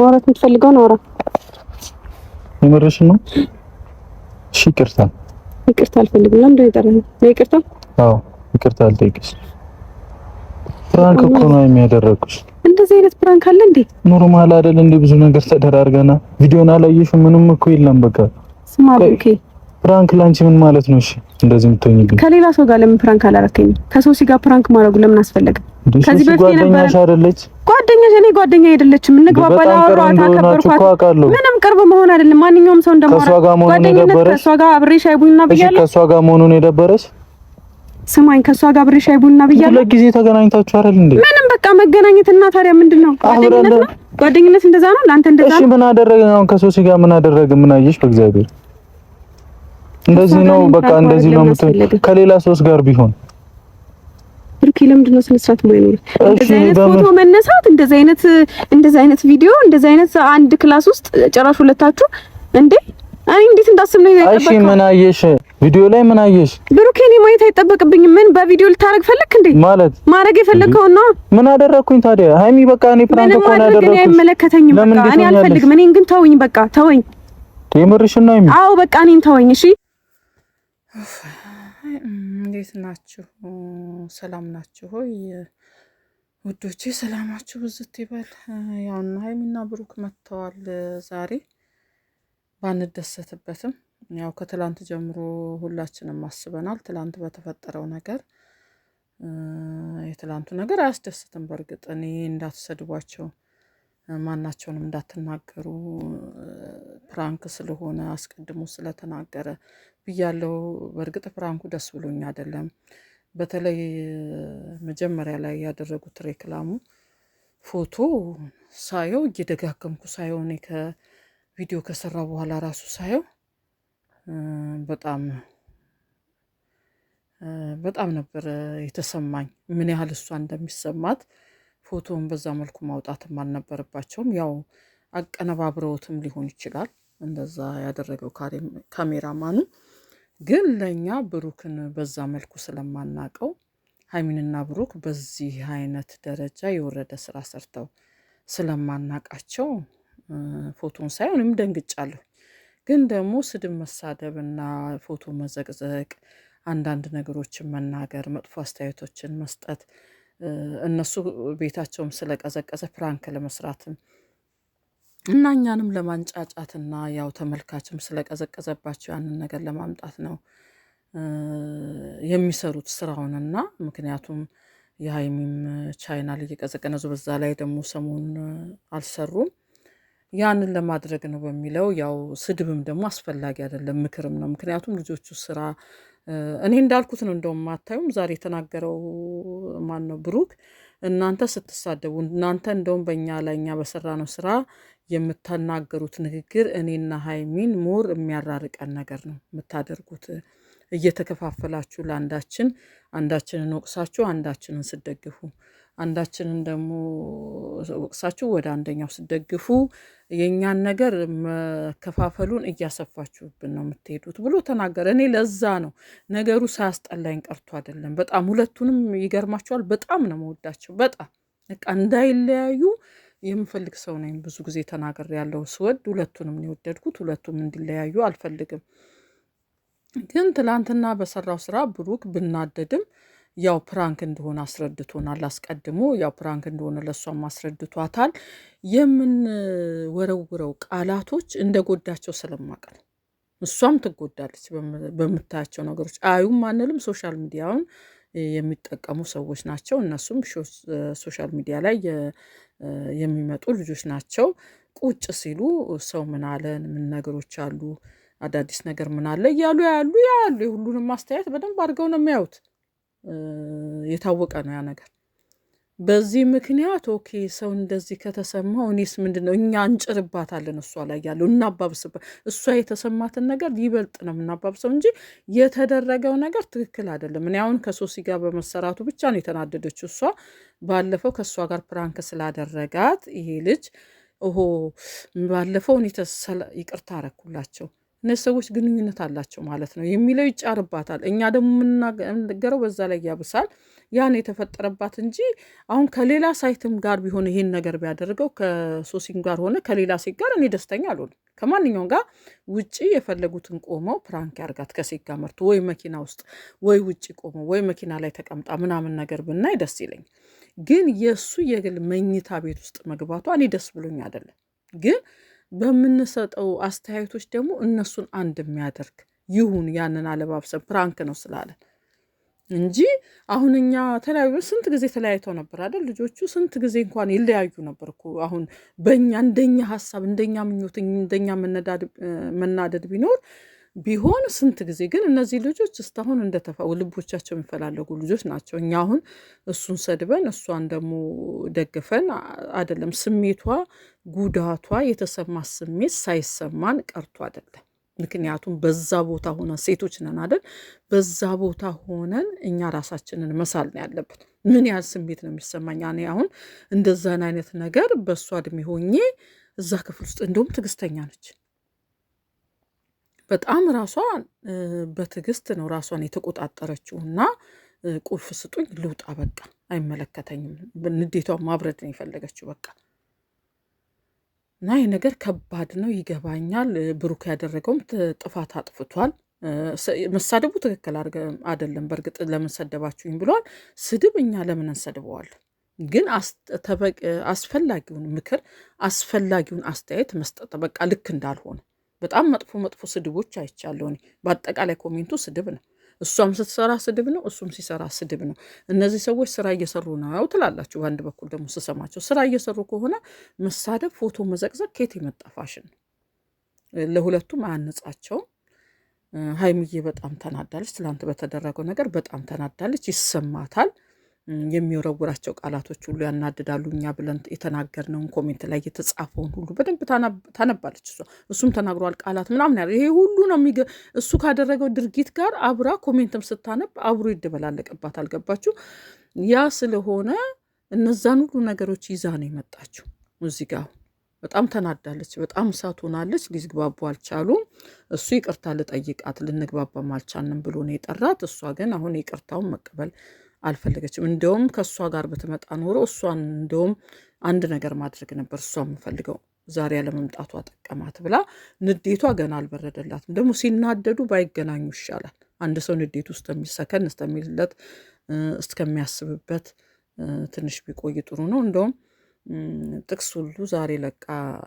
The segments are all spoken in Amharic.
ማውራት የምትፈልገውን አውራ። የምርሽን ነው? እሺ፣ ይቅርታ ይቅርታ አልፈልግም። ለምን እንደጠራኝ ይቅርታ። አዎ፣ ይቅርታ አልጠይቅሽ። ፕራንክ እኮ ነው የሚያደረግኩሽ። እንደዚህ አይነት ፕራንክ አለ እንዴ? ኖርማል አይደል እንዴ? ብዙ ነገር ተደራርገና ቪዲዮን አላየሽም? ምንም እኮ የለም። በቃ ስማ፣ ኦኬ ፕራንክ ላንቺ ምን ማለት ነው? እሺ እንደዚህ የምትሆኝብኝ ከሌላ ሰው ጋር ለምን ፕራንክ አላረከኝ? ከሰው ጋር ፕራንክ ማድረጉ ለምን አስፈለገ? ከዚህ በፊት የነበረ አይደለች ጓደኛሽ፣ እኔ ጓደኛ አይደለችም። እንግባባለን፣ አወራኋት፣ አከበርኳት። ምንም ቅርብ መሆን አይደለም ማንኛውም ሰው እንደማወራ ጓደኝነት ከሷ ጋር አብሬ ሻይ ቡና ከሷ ጋር መሆኑን የደበረሽ ስማኝ ከእሷ ጋር አብሬ ሻይ ቡና ብያለሁ። ሁለት ጊዜ ተገናኝታችሁ አይደል እንዴ? ምንም በቃ መገናኘት እና ታዲያ ምንድን ነው? ጓደኝነት ነው። ጓደኝነት እንደዛ ነው። ለአንተ እንደዛ ነው። እሺ ምን አደረገ? አሁን ከሶሲ ጋር ምን አደረገ? ምን አየሽ? በእግዚአብሔር እንደዚህ ነው በቃ እንደዚህ ነው የምትል ከሌላ ሶስት ጋር ቢሆን ብሩኬ ለምንድን ነው ስነ ስርዓት የማይኖር? እንደዚህ አይነት ፎቶ መነሳት፣ እንደዚህ አይነት እንደዚህ አይነት ቪዲዮ፣ እንደዚህ አይነት አንድ ክላስ ውስጥ ጭራሽ ሁለታችሁ እንዴ! አይ እንዴት እንዳስብ ነው ይጠበቃል። እሺ ምን አየሽ? ቪዲዮ ላይ ምን አየሽ? ብሩኪ እኔ ማየት አይጠበቅብኝም። ምን በቪዲዮ ልታረግ ፈለክ እንዴ? ማለት ማረግ የፈለከው ነው። ምን አደረኩኝ ታዲያ? ሃይሚ በቃ እኔ ፕራንክ እኮ ነው ያደረኩት። እኔ አይመለከተኝም። በቃ እኔ አልፈልግም። እኔን ግን ተወኝ፣ በቃ ተወኝ። የምርሽን ነው? አዎ በቃ እኔን ተወኝ። እሺ እንዴት ናችሁ? ሰላም ናችሁ ሆይ ውዶቼ? ሰላማችሁ ብዝት ይበል። ያውና ሀይሚና ብሩክ መጥተዋል ዛሬ ባንደሰትበትም፣ ያው ከትላንት ጀምሮ ሁላችንም አስበናል። ትላንት በተፈጠረው ነገር የትላንቱ ነገር አያስደስትም። በእርግጥ እኔ እንዳትሰድቧቸው ማናቸውንም እንዳትናገሩ ፕራንክ ስለሆነ አስቀድሞ ስለተናገረ ብያለው። በእርግጥ ፍራንኩ ደስ ብሎኝ አይደለም። በተለይ መጀመሪያ ላይ ያደረጉት ሬክላሙ ፎቶ ሳየው እየደጋገምኩ ሳየው እኔ ከቪዲዮ ከሰራ በኋላ ራሱ ሳየው በጣም በጣም ነበር የተሰማኝ። ምን ያህል እሷ እንደሚሰማት ፎቶውን በዛ መልኩ ማውጣትም አልነበረባቸውም። ያው አቀነባብረውትም ሊሆን ይችላል እንደዛ ያደረገው ካሜራማኑ ግን ለእኛ ብሩክን በዛ መልኩ ስለማናቀው ሀይሚንና ብሩክ በዚህ አይነት ደረጃ የወረደ ስራ ሰርተው ስለማናቃቸው ፎቶን ሳይሆን ም ደንግጫለሁ። ግን ደግሞ ስድብ መሳደብና ፎቶ መዘቅዘቅ፣ አንዳንድ ነገሮችን መናገር፣ መጥፎ አስተያየቶችን መስጠት እነሱ ቤታቸውም ስለቀዘቀዘ ፕራንክ ለመስራትም እና እኛንም ለማንጫጫትና ያው ተመልካችም ስለቀዘቀዘባቸው ያንን ነገር ለማምጣት ነው የሚሰሩት ስራውንና ምክንያቱም የሀይሚም ቻይናል እየቀዘቀነዙ በዛ ላይ ደግሞ ሰሞን አልሰሩም። ያንን ለማድረግ ነው በሚለው ያው ስድብም ደግሞ አስፈላጊ አይደለም፣ ምክርም ነው። ምክንያቱም ልጆቹ ስራ እኔ እንዳልኩት ነው። እንደውም አታዩም ዛሬ የተናገረው ማን ነው? ብሩክ እናንተ ስትሳደቡ እናንተ እንደውም በእኛ ላይ እኛ በሰራ ነው ስራ የምታናገሩት ንግግር እኔና ሀይሚን ሞር የሚያራርቀን ነገር ነው የምታደርጉት። እየተከፋፈላችሁ ለአንዳችን አንዳችንን ወቅሳችሁ አንዳችንን ስደግፉ አንዳችንን ደግሞ ወቅሳችሁ ወደ አንደኛው ስደግፉ የእኛን ነገር መከፋፈሉን እያሰፋችሁብን ነው የምትሄዱት ብሎ ተናገረ። እኔ ለዛ ነው ነገሩ ሳያስጠላኝ ቀርቶ አይደለም። በጣም ሁለቱንም ይገርማቸዋል። በጣም ነው መወዳቸው። በጣም በቃ እንዳይለያዩ የምፈልግ ሰው ነኝ። ብዙ ጊዜ ተናገር ያለው ስወድ ሁለቱንም የወደድኩት ሁለቱም እንዲለያዩ አልፈልግም። ግን ትላንትና በሰራው ስራ ብሩክ ብናደድም ያው ፕራንክ እንደሆነ አስረድቶናል። አስቀድሞ ያው ፕራንክ እንደሆነ ለእሷም አስረድቷታል። የምንወረውረው ቃላቶች እንደጎዳቸው ስለማቀ ነው። እሷም ትጎዳለች በምታያቸው ነገሮች። አዩም አንልም ሶሻል ሚዲያውን የሚጠቀሙ ሰዎች ናቸው። እነሱም ሶሻል ሚዲያ ላይ የሚመጡ ልጆች ናቸው። ቁጭ ሲሉ ሰው ምን አለን፣ ምን ነገሮች አሉ፣ አዳዲስ ነገር ምን አለ እያሉ ያሉ ያሉ የሁሉንም አስተያየት በደንብ አድርገው ነው የሚያዩት። የታወቀ ነው ያ ነገር። በዚህ ምክንያት ኦኬ ሰው እንደዚህ ከተሰማው እኔስ ምንድን ነው እኛ እንጭርባታለን፣ እሷ ላይ ያለው እናባብስበት። እሷ የተሰማትን ነገር ይበልጥ ነው የምናባብሰው እንጂ የተደረገው ነገር ትክክል አይደለም። እኔ አሁን ከሶሲ ጋር በመሰራቱ ብቻ ነው የተናደደችው እሷ። ባለፈው ከእሷ ጋር ፕራንክ ስላደረጋት ይሄ ልጅ ኦሆ ባለፈው እኔ ይቅርታ አረኩላቸው እነዚህ ሰዎች ግንኙነት አላቸው ማለት ነው የሚለው ይጫርባታል። እኛ ደግሞ የምንናገረው በዛ ላይ ያብሳል። ያን የተፈጠረባት እንጂ አሁን ከሌላ ሳይትም ጋር ቢሆን ይሄን ነገር ቢያደርገው ከሶሲም ጋር ሆነ ከሌላ ሴት ጋር እኔ ደስተኛ አልሆንም። ከማንኛውም ጋር ውጭ የፈለጉትን ቆመው ፕራንክ ያርጋት ከሴት ጋር መርቶ ወይ መኪና ውስጥ ወይ ውጪ ቆመው ወይ መኪና ላይ ተቀምጣ ምናምን ነገር ብናይ ደስ ይለኝ ግን የእሱ የግል መኝታ ቤት ውስጥ መግባቷ እኔ ደስ ብሎኝ አይደለም ግን በምንሰጠው አስተያየቶች ደግሞ እነሱን አንድ የሚያደርግ ይሁን። ያንን አለባብሰን ፕራንክ ነው ስላለን እንጂ አሁን እኛ ተለያዩ ስንት ጊዜ ተለያይተው ነበር አይደል? ልጆቹ ስንት ጊዜ እንኳን ይለያዩ ነበር እኮ። አሁን በእኛ እንደኛ ሀሳብ እንደኛ ምኞት እንደኛ መናደድ ቢኖር ቢሆን ስንት ጊዜ ግን እነዚህ ልጆች እስካሁን እንደተፋ ልቦቻቸው የሚፈላለጉ ልጆች ናቸው። እኛ አሁን እሱን ሰድበን እሷን ደግሞ ደግፈን አይደለም። ስሜቷ ጉዳቷ የተሰማ ስሜት ሳይሰማን ቀርቶ አይደለም። ምክንያቱም በዛ ቦታ ሆነን ሴቶች ነን አይደል? በዛ ቦታ ሆነን እኛ ራሳችንን መሳል ነው ያለብን። ምን ያህል ስሜት ነው የሚሰማኝ? እኔ አሁን እንደዛን አይነት ነገር በእሷ እድሜ ሆኜ እዛ ክፍል ውስጥ እንደውም ትዕግስተኛ ነች በጣም ራሷን በትዕግስት ነው ራሷን የተቆጣጠረችው እና ቁልፍ ስጡኝ ልውጣ፣ በቃ አይመለከተኝም። ንዴቷ ማብረድ ነው የፈለገችው በቃ እና ይህ ነገር ከባድ ነው ይገባኛል። ብሩክ ያደረገውም ጥፋት አጥፍቷል። መሳደቡ ትክክል አይደለም። በእርግጥ ለምን ሰደባችሁኝ ብለዋል። ስድብ እኛ ለምን እንሰድበዋል? ግን አስፈላጊውን ምክር አስፈላጊውን አስተያየት መስጠት በቃ ልክ እንዳልሆነ በጣም መጥፎ መጥፎ ስድቦች አይቻለሁ እኔ። በአጠቃላይ ኮሜንቱ ስድብ ነው። እሷም ስትሰራ ስድብ ነው፣ እሱም ሲሰራ ስድብ ነው። እነዚህ ሰዎች ስራ እየሰሩ ነው ትላላችሁ። በአንድ በኩል ደግሞ ስሰማቸው ስራ እየሰሩ ከሆነ መሳደብ፣ ፎቶ መዘቅዘቅ ከየት የመጣ ፋሽን ነው? ለሁለቱም አያነጻቸውም። ሀይሚዬ በጣም ተናዳለች። ትላንት በተደረገው ነገር በጣም ተናዳለች፣ ይሰማታል። የሚወረውራቸው ቃላቶች ሁሉ ያናድዳሉ። እኛ ብለን የተናገርነውን ኮሜንት ላይ የተጻፈውን ሁሉ በደንብ ታነባለች እሷ። እሱም ተናግሯል ቃላት ምናምን ያለ ይሄ ሁሉ ነው የሚገ እሱ ካደረገው ድርጊት ጋር አብራ ኮሜንትም ስታነብ አብሮ ይደበላለቅባት። አልገባችሁ? ያ ስለሆነ እነዛን ሁሉ ነገሮች ይዛ ነው የመጣችው እዚህ ጋር በጣም ተናዳለች። በጣም እሳት ሆናለች። ሊግባቡ አልቻሉም። እሱ ይቅርታ ልጠይቃት ልንግባባም አልቻንም ብሎ ነው የጠራት። እሷ ግን አሁን ይቅርታውን መቀበል አልፈለገችም። እንደውም ከእሷ ጋር በተመጣ ኖሮ እሷን እንደውም አንድ ነገር ማድረግ ነበር እሷ የምፈልገው ዛሬ ያለመምጣቷ ጠቀማት ብላ ንዴቷ ገና አልበረደላትም። ደግሞ ሲናደዱ ባይገናኙ ይሻላል። አንድ ሰው ንዴቱ እስከሚሰከን እስከሚለት እስከሚያስብበት ትንሽ ቢቆይ ጥሩ ነው። እንደውም ጥቅስ ሁሉ ዛሬ ለቃ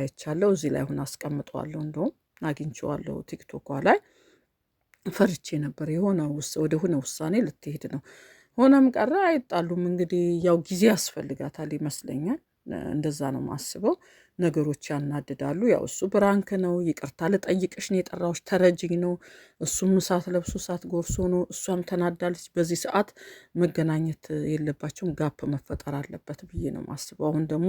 አይቻለው እዚህ ላይ ሁን አስቀምጠዋለሁ። እንደውም አግኝቼዋለሁ ቲክቶኳ ላይ ፈርቼ ነበር የሆነ ወደ ሆነ ውሳኔ ልትሄድ ነው ሆነም ቀረ አይጣሉም። እንግዲህ ያው ጊዜ ያስፈልጋታል ይመስለኛል። እንደዛ ነው ማስበው። ነገሮች ያናድዳሉ። ያው እሱ ብራንክ ነው፣ ይቅርታ ልጠይቅሽ ነው የጠራሁሽ፣ ተረጅኝ ነው። እሱም እሳት ለብሶ እሳት ጎርሶ ነው፣ እሷም ተናዳለች። በዚህ ሰዓት መገናኘት የለባቸውም፣ ጋፕ መፈጠር አለበት ብዬ ነው ማስበው። አሁን ደግሞ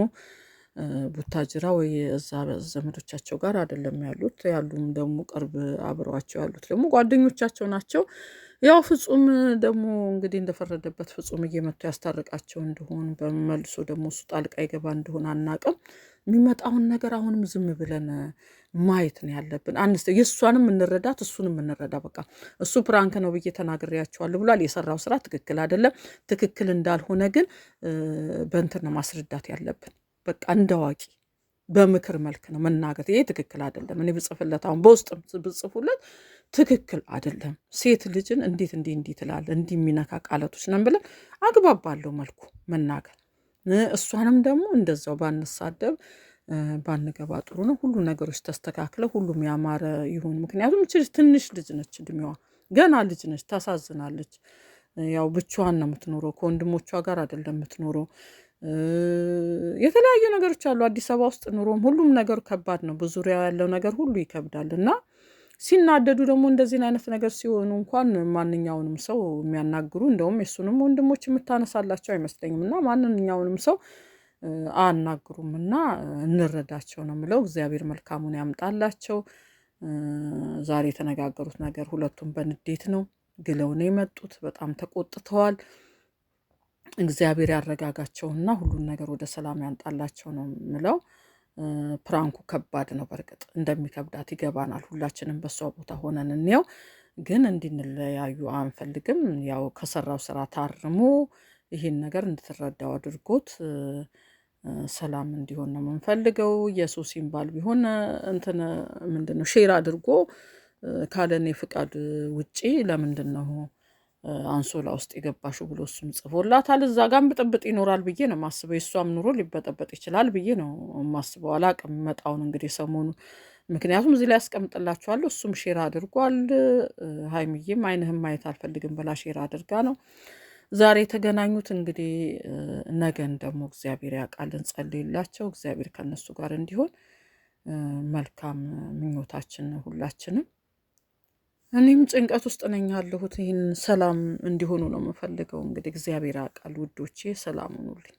ቡታጅራ ወይ እዛ ዘመዶቻቸው ጋር አይደለም ያሉት። ያሉም ደግሞ ቅርብ አብረዋቸው ያሉት ደግሞ ጓደኞቻቸው ናቸው። ያው ፍጹም ደግሞ እንግዲህ እንደፈረደበት ፍጹም እየመጡ ያስታርቃቸው እንደሆን በመልሶ ደግሞ እሱ ጣልቃ ይገባ እንደሆን አናቅም። የሚመጣውን ነገር አሁንም ዝም ብለን ማየት ነው ያለብን። አንስ የእሷንም እንረዳት እሱንም እንረዳ። በቃ እሱ ፕራንክ ነው ብዬ ተናግሬያቸዋለሁ ብሏል። የሰራው ስራ ትክክል አይደለም። ትክክል እንዳልሆነ ግን በእንትን ነው ማስረዳት ያለብን። በቃ አዋቂ በምክር መልክ ነው መናገር። ይሄ ትክክል አይደለም። እኔ ብጽፍለት አሁን በውስጥም ብጽፉለት ትክክል አይደለም። ሴት ልጅን እንዴት እንዲህ እንዲህ ትላለህ እንዲህ የሚነካ ቃላቶች ነን ብለን አግባብ ባለው መልኩ መናገር፣ እሷንም ደግሞ እንደዛው ባንሳደብ ባንገባ ጥሩ ነው። ሁሉ ነገሮች ተስተካክለ ሁሉም ያማረ ይሁን። ምክንያቱም ትንሽ ልጅ ነች፣ እድሜዋ ገና ልጅ ነች። ታሳዝናለች። ያው ብቻዋን ነው የምትኖረው፣ ከወንድሞቿ ጋር አይደለም የምትኖረው። የተለያዩ ነገሮች አሉ። አዲስ አበባ ውስጥ ኑሮም ሁሉም ነገር ከባድ ነው። በዙሪያ ያለው ነገር ሁሉ ይከብዳል እና ሲናደዱ ደግሞ እንደዚህን አይነት ነገር ሲሆኑ እንኳን ማንኛውንም ሰው የሚያናግሩ እንደውም የሱንም ወንድሞች የምታነሳላቸው አይመስለኝም። እና ማንኛውንም ሰው አናግሩም እና እንረዳቸው ነው ምለው። እግዚአብሔር መልካሙን ያምጣላቸው። ዛሬ የተነጋገሩት ነገር ሁለቱም በንዴት ነው ግለው ነው የመጡት። በጣም ተቆጥተዋል። እግዚአብሔር ያረጋጋቸውና ሁሉን ነገር ወደ ሰላም ያንጣላቸው ነው የምለው። ፕራንኩ ከባድ ነው። በእርግጥ እንደሚከብዳት ይገባናል። ሁላችንም በሷ ቦታ ሆነን እንየው። ግን እንዲንለያዩ አንፈልግም። ያው ከሰራው ስራ ታርሞ ይህን ነገር እንድትረዳው አድርጎት ሰላም እንዲሆን ነው የምንፈልገው። የሱሲን ባል ቢሆን እንትን ምንድን ነው ሼር አድርጎ ካለ እኔ ፍቃድ ውጪ ለምንድን ነው አንሶላ ውስጥ የገባሹ ብሎ እሱም ጽፎላታል። እዛ ጋም ብጥብጥ ይኖራል ብዬ ነው ማስበው። የእሷም ኑሮ ሊበጠበጥ ይችላል ብዬ ነው የማስበው። አላቅም መጣውን እንግዲህ ሰሞኑ ምክንያቱም እዚህ ላይ ያስቀምጥላችኋለሁ። እሱም ሼር አድርጓል። ሀይሚዬም አይንህም ማየት አልፈልግም ብላ ሼር አድርጋ ነው ዛሬ የተገናኙት። እንግዲህ ነገን ደግሞ እግዚአብሔር ያውቃል፣ እንጸልይላቸው። እግዚአብሔር ከነሱ ጋር እንዲሆን መልካም ምኞታችን ሁላችንም እኔም ጭንቀት ውስጥ ነኝ ያለሁት። ይህን ሰላም እንዲሆኑ ነው የምፈልገው። እንግዲህ እግዚአብሔር ያውቃል ውዶቼ፣ ሰላም ሁኑልኝ።